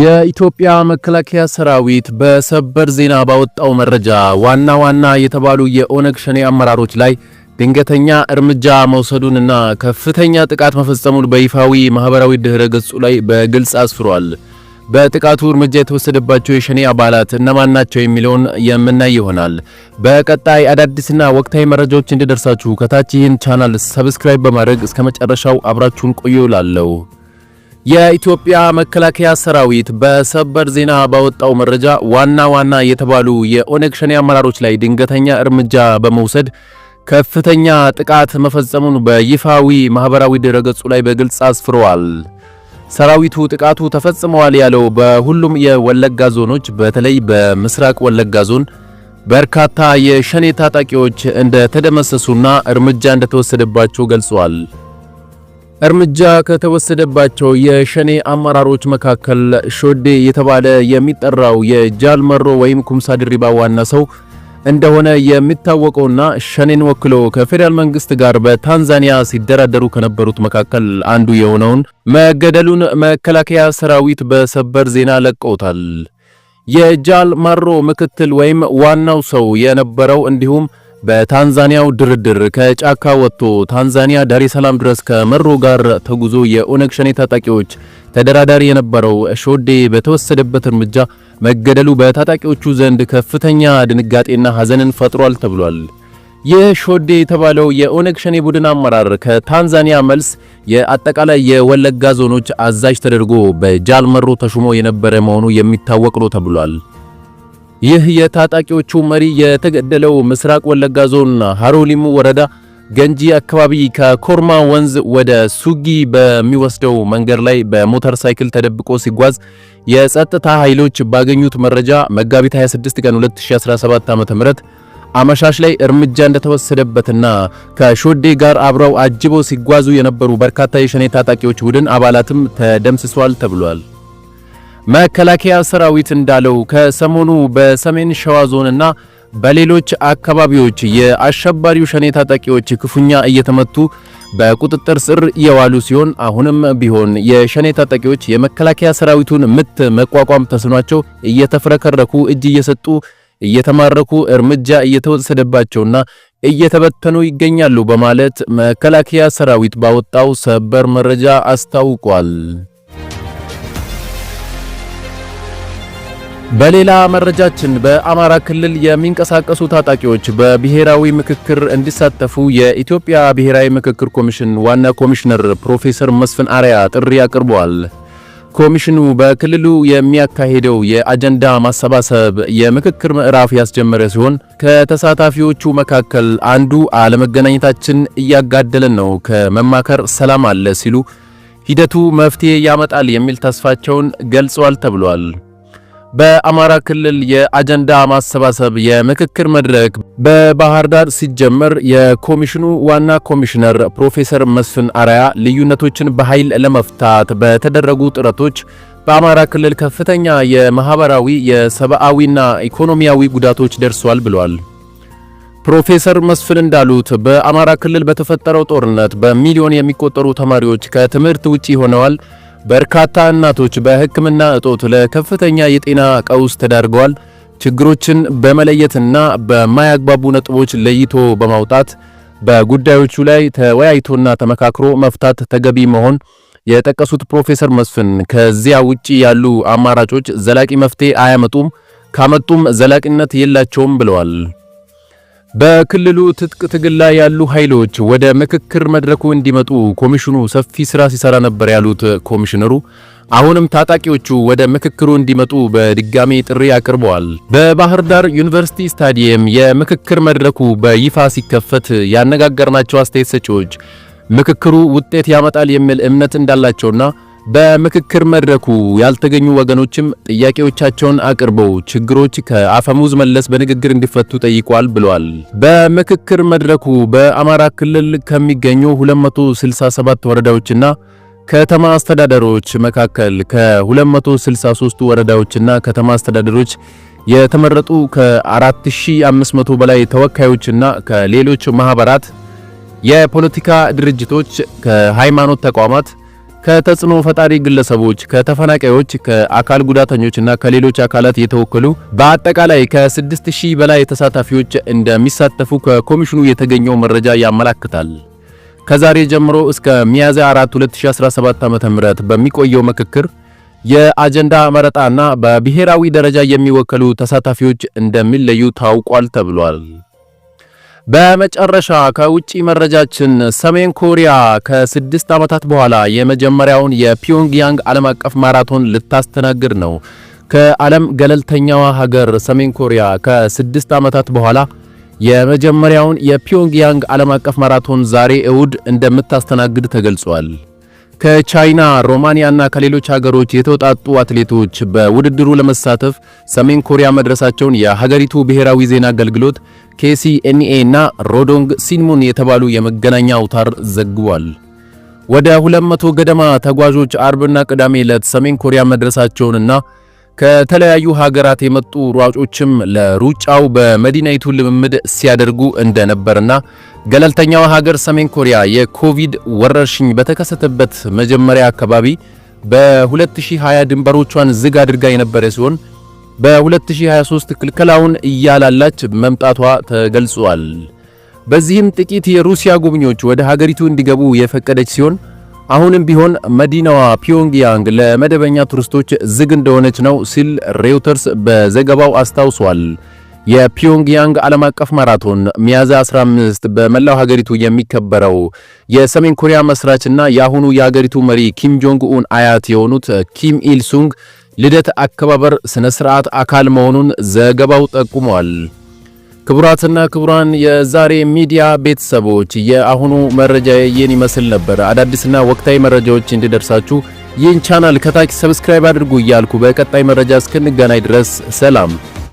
የኢትዮጵያ መከላከያ ሰራዊት በሰበር ዜና ባወጣው መረጃ ዋና ዋና የተባሉ የኦነግ ሸኔ አመራሮች ላይ ድንገተኛ እርምጃ መውሰዱንና ከፍተኛ ጥቃት መፈጸሙን በይፋዊ ማህበራዊ ድህረ ገጹ ላይ በግልጽ አስፍሯል። በጥቃቱ እርምጃ የተወሰደባቸው የሸኔ አባላት እነማን ናቸው የሚለውን የምናይ ይሆናል። በቀጣይ አዳዲስና ወቅታዊ መረጃዎች እንዲደርሳችሁ ከታች ይህን ቻናል ሰብስክራይብ በማድረግ እስከ መጨረሻው አብራችሁን ቆዩ እላለሁ። የኢትዮጵያ መከላከያ ሰራዊት በሰበር ዜና ባወጣው መረጃ ዋና ዋና የተባሉ የኦነግ ሸኔ አመራሮች ላይ ድንገተኛ እርምጃ በመውሰድ ከፍተኛ ጥቃት መፈጸሙን በይፋዊ ማህበራዊ ድረገጹ ላይ በግልጽ አስፍሯል። ሰራዊቱ ጥቃቱ ተፈጽመዋል ያለው በሁሉም የወለጋ ዞኖች በተለይ በምስራቅ ወለጋ ዞን በርካታ የሸኔ ታጣቂዎች እንደተደመሰሱና እርምጃ እንደተወሰደባቸው ገልጿል። እርምጃ ከተወሰደባቸው የሸኔ አመራሮች መካከል ሾዴ የተባለ የሚጠራው የጃል መሮ ወይም ኩምሳ ድሪባ ዋና ሰው እንደሆነ የሚታወቀውና ሸኔን ወክሎ ከፌዴራል መንግስት ጋር በታንዛኒያ ሲደራደሩ ከነበሩት መካከል አንዱ የሆነውን መገደሉን መከላከያ ሰራዊት በሰበር ዜና ለቀውታል። የጃል መሮ ምክትል ወይም ዋናው ሰው የነበረው እንዲሁም በታንዛኒያው ድርድር ከጫካ ወጥቶ ታንዛኒያ ዳሬ ሰላም ድረስ ከመሮ ጋር ተጉዞ የኦነግ ሸኔ ታጣቂዎች ተደራዳሪ የነበረው ሾዴ በተወሰደበት እርምጃ መገደሉ በታጣቂዎቹ ዘንድ ከፍተኛ ድንጋጤና ሐዘንን ፈጥሯል ተብሏል። ይህ ሾዴ የተባለው የኦነግ ሸኔ ቡድን አመራር ከታንዛኒያ መልስ የአጠቃላይ የወለጋ ዞኖች አዛዥ ተደርጎ በጃል መሮ ተሹሞ የነበረ መሆኑ የሚታወቅ ነው ተብሏል። ይህ የታጣቂዎቹ መሪ የተገደለው ምስራቅ ወለጋ ዞን ሃሮሊሙ ወረዳ ገንጂ አካባቢ ከኮርማ ወንዝ ወደ ሱጊ በሚወስደው መንገድ ላይ በሞተር ሳይክል ተደብቆ ሲጓዝ የጸጥታ ኃይሎች ባገኙት መረጃ መጋቢት 26 ቀን 2017 ዓ.ም አመሻሽ ላይ እርምጃ እንደተወሰደበትና ከሾዴ ጋር አብረው አጅበው ሲጓዙ የነበሩ በርካታ የሸኔ ታጣቂዎች ቡድን አባላትም ተደምስሷል ተብሏል። መከላከያ ሰራዊት እንዳለው ከሰሞኑ በሰሜን ሸዋ ዞንና በሌሎች አካባቢዎች የአሸባሪው ሸኔ ታጣቂዎች ክፉኛ እየተመቱ በቁጥጥር ስር የዋሉ ሲሆን አሁንም ቢሆን የሸኔ ታጣቂዎች የመከላከያ ሰራዊቱን ምት መቋቋም ተስኗቸው እየተፍረከረኩ እጅ እየሰጡ እየተማረኩ እርምጃ እየተወሰደባቸውና እየተበተኑ ይገኛሉ በማለት መከላከያ ሰራዊት ባወጣው ሰበር መረጃ አስታውቋል። በሌላ መረጃችን በአማራ ክልል የሚንቀሳቀሱ ታጣቂዎች በብሔራዊ ምክክር እንዲሳተፉ የኢትዮጵያ ብሔራዊ ምክክር ኮሚሽን ዋና ኮሚሽነር ፕሮፌሰር መስፍን አርአያ ጥሪ አቅርበዋል። ኮሚሽኑ በክልሉ የሚያካሄደው የአጀንዳ ማሰባሰብ የምክክር ምዕራፍ ያስጀመረ ሲሆን ከተሳታፊዎቹ መካከል አንዱ አለመገናኘታችን እያጋደለን ነው፣ ከመማከር ሰላም አለ ሲሉ ሂደቱ መፍትሄ ያመጣል የሚል ተስፋቸውን ገልጸዋል ተብሏል። በአማራ ክልል የአጀንዳ ማሰባሰብ የምክክር መድረክ በባህር ዳር ሲጀመር የኮሚሽኑ ዋና ኮሚሽነር ፕሮፌሰር መስፍን አርአያ ልዩነቶችን በኃይል ለመፍታት በተደረጉ ጥረቶች በአማራ ክልል ከፍተኛ የማህበራዊ የሰብአዊና ኢኮኖሚያዊ ጉዳቶች ደርሷል ብሏል። ፕሮፌሰር መስፍን እንዳሉት በአማራ ክልል በተፈጠረው ጦርነት በሚሊዮን የሚቆጠሩ ተማሪዎች ከትምህርት ውጪ ሆነዋል። በርካታ እናቶች በሕክምና እጦት ለከፍተኛ የጤና ቀውስ ተዳርገዋል። ችግሮችን በመለየትና በማያግባቡ ነጥቦች ለይቶ በማውጣት በጉዳዮቹ ላይ ተወያይቶና ተመካክሮ መፍታት ተገቢ መሆን የጠቀሱት ፕሮፌሰር መስፍን ከዚያ ውጪ ያሉ አማራጮች ዘላቂ መፍትሄ አያመጡም፣ ካመጡም ዘላቂነት የላቸውም ብለዋል። በክልሉ ትጥቅ ትግል ላይ ያሉ ኃይሎች ወደ ምክክር መድረኩ እንዲመጡ ኮሚሽኑ ሰፊ ስራ ሲሰራ ነበር ያሉት ኮሚሽነሩ አሁንም ታጣቂዎቹ ወደ ምክክሩ እንዲመጡ በድጋሚ ጥሪ አቅርበዋል። በባህር ዳር ዩኒቨርሲቲ ስታዲየም የምክክር መድረኩ በይፋ ሲከፈት ያነጋገርናቸው አስተያየት ሰጪዎች ምክክሩ ውጤት ያመጣል የሚል እምነት እንዳላቸውና በምክክር መድረኩ ያልተገኙ ወገኖችም ጥያቄዎቻቸውን አቅርበው ችግሮች ከአፈሙዝ መለስ በንግግር እንዲፈቱ ጠይቋል ብለዋል። በምክክር መድረኩ በአማራ ክልል ከሚገኙ 267 ወረዳዎችና ከተማ አስተዳደሮች መካከል ከ263 ወረዳዎችና ከተማ አስተዳደሮች የተመረጡ ከ4500 በላይ ተወካዮችና ከሌሎች ማህበራት፣ የፖለቲካ ድርጅቶች፣ ከሃይማኖት ተቋማት ከተጽዕኖ ፈጣሪ ግለሰቦች፣ ከተፈናቃዮች፣ ከአካል ጉዳተኞችና ከሌሎች አካላት የተወከሉ በአጠቃላይ ከ6000 በላይ ተሳታፊዎች እንደሚሳተፉ ከኮሚሽኑ የተገኘው መረጃ ያመላክታል። ከዛሬ ጀምሮ እስከ ሚያዝያ 4 2017 ዓ.ም በሚቆየው ምክክር የአጀንዳ መረጣና በብሔራዊ ደረጃ የሚወከሉ ተሳታፊዎች እንደሚለዩ ታውቋል ተብሏል። በመጨረሻ ከውጪ መረጃችን ሰሜን ኮሪያ ከስድስት ዓመታት በኋላ የመጀመሪያውን የፒዮንግያንግ ዓለም አቀፍ ማራቶን ልታስተናግድ ነው። ከዓለም ገለልተኛዋ ሀገር ሰሜን ኮሪያ ከስድስት ዓመታት በኋላ የመጀመሪያውን የፒዮንግያንግ ዓለም አቀፍ ማራቶን ዛሬ እሁድ እንደምታስተናግድ ተገልጿል። ከቻይና እና ከሌሎች ሀገሮች የተውጣጡ አትሌቶች በውድድሩ ለመሳተፍ ሰሜን ኮሪያ መድረሳቸውን የሀገሪቱ ብሔራዊ ዜና አገልግሎት ኬሲኤንኤ እና ሮዶንግ ሲንሙን የተባሉ የመገናኛ አውታር ዘግቧል። ወደ 200 ገደማ ተጓዦች አርብና ቅዳሜ ዕለት ሰሜን ኮሪያ መድረሳቸውንና ከተለያዩ ሀገራት የመጡ ሯጮችም ለሩጫው በመዲናይቱ ልምምድ ሲያደርጉ እንደነበርና ገለልተኛው ሀገር ሰሜን ኮሪያ የኮቪድ ወረርሽኝ በተከሰተበት መጀመሪያ አካባቢ በ2020 ድንበሮቿን ዝግ አድርጋ የነበረ ሲሆን በ2023 ክልከላውን እያላላች መምጣቷ ተገልጿል። በዚህም ጥቂት የሩሲያ ጎብኚዎች ወደ ሀገሪቱ እንዲገቡ የፈቀደች ሲሆን አሁንም ቢሆን መዲናዋ ፒዮንግያንግ ለመደበኛ ቱሪስቶች ዝግ እንደሆነች ነው ሲል ሬውተርስ በዘገባው አስታውሷል። የፒዮንግያንግ ዓለም አቀፍ ማራቶን ሚያዝያ 15 በመላው ሀገሪቱ የሚከበረው የሰሜን ኮሪያ መስራችና የአሁኑ የሀገሪቱ መሪ ኪም ጆንግ ኡን አያት የሆኑት ኪም ኢል ሱንግ ልደት አከባበር ስነ ስርዓት አካል መሆኑን ዘገባው ጠቁሟል። ክቡራትና ክቡራን የዛሬ ሚዲያ ቤተሰቦች የአሁኑ መረጃ ይህን ይመስል ነበር። አዳዲስና ወቅታዊ መረጃዎች እንዲደርሳችሁ ይህን ቻናል ከታች ሰብስክራይብ አድርጉ እያልኩ በቀጣይ መረጃ እስክንገናኝ ድረስ ሰላም።